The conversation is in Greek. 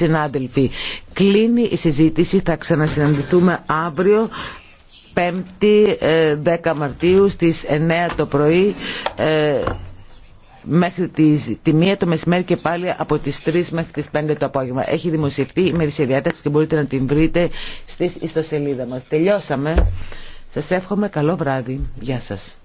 Συνάδελφοι, κλείνει η συζήτηση, θα ξανασυναντηθούμε αύριο 5η 10 ε, Μαρτίου στις 9 το πρωί ε, μέχρι τη, τη το μεσημέρι και πάλι από τις 3 μέχρι τις 5 το απόγευμα. Έχει δημοσιευτεί η μερισσία διάταξη και μπορείτε να την βρείτε στις ιστοσελίδα μας. Τελειώσαμε. Σας εύχομαι καλό βράδυ. Γεια σας.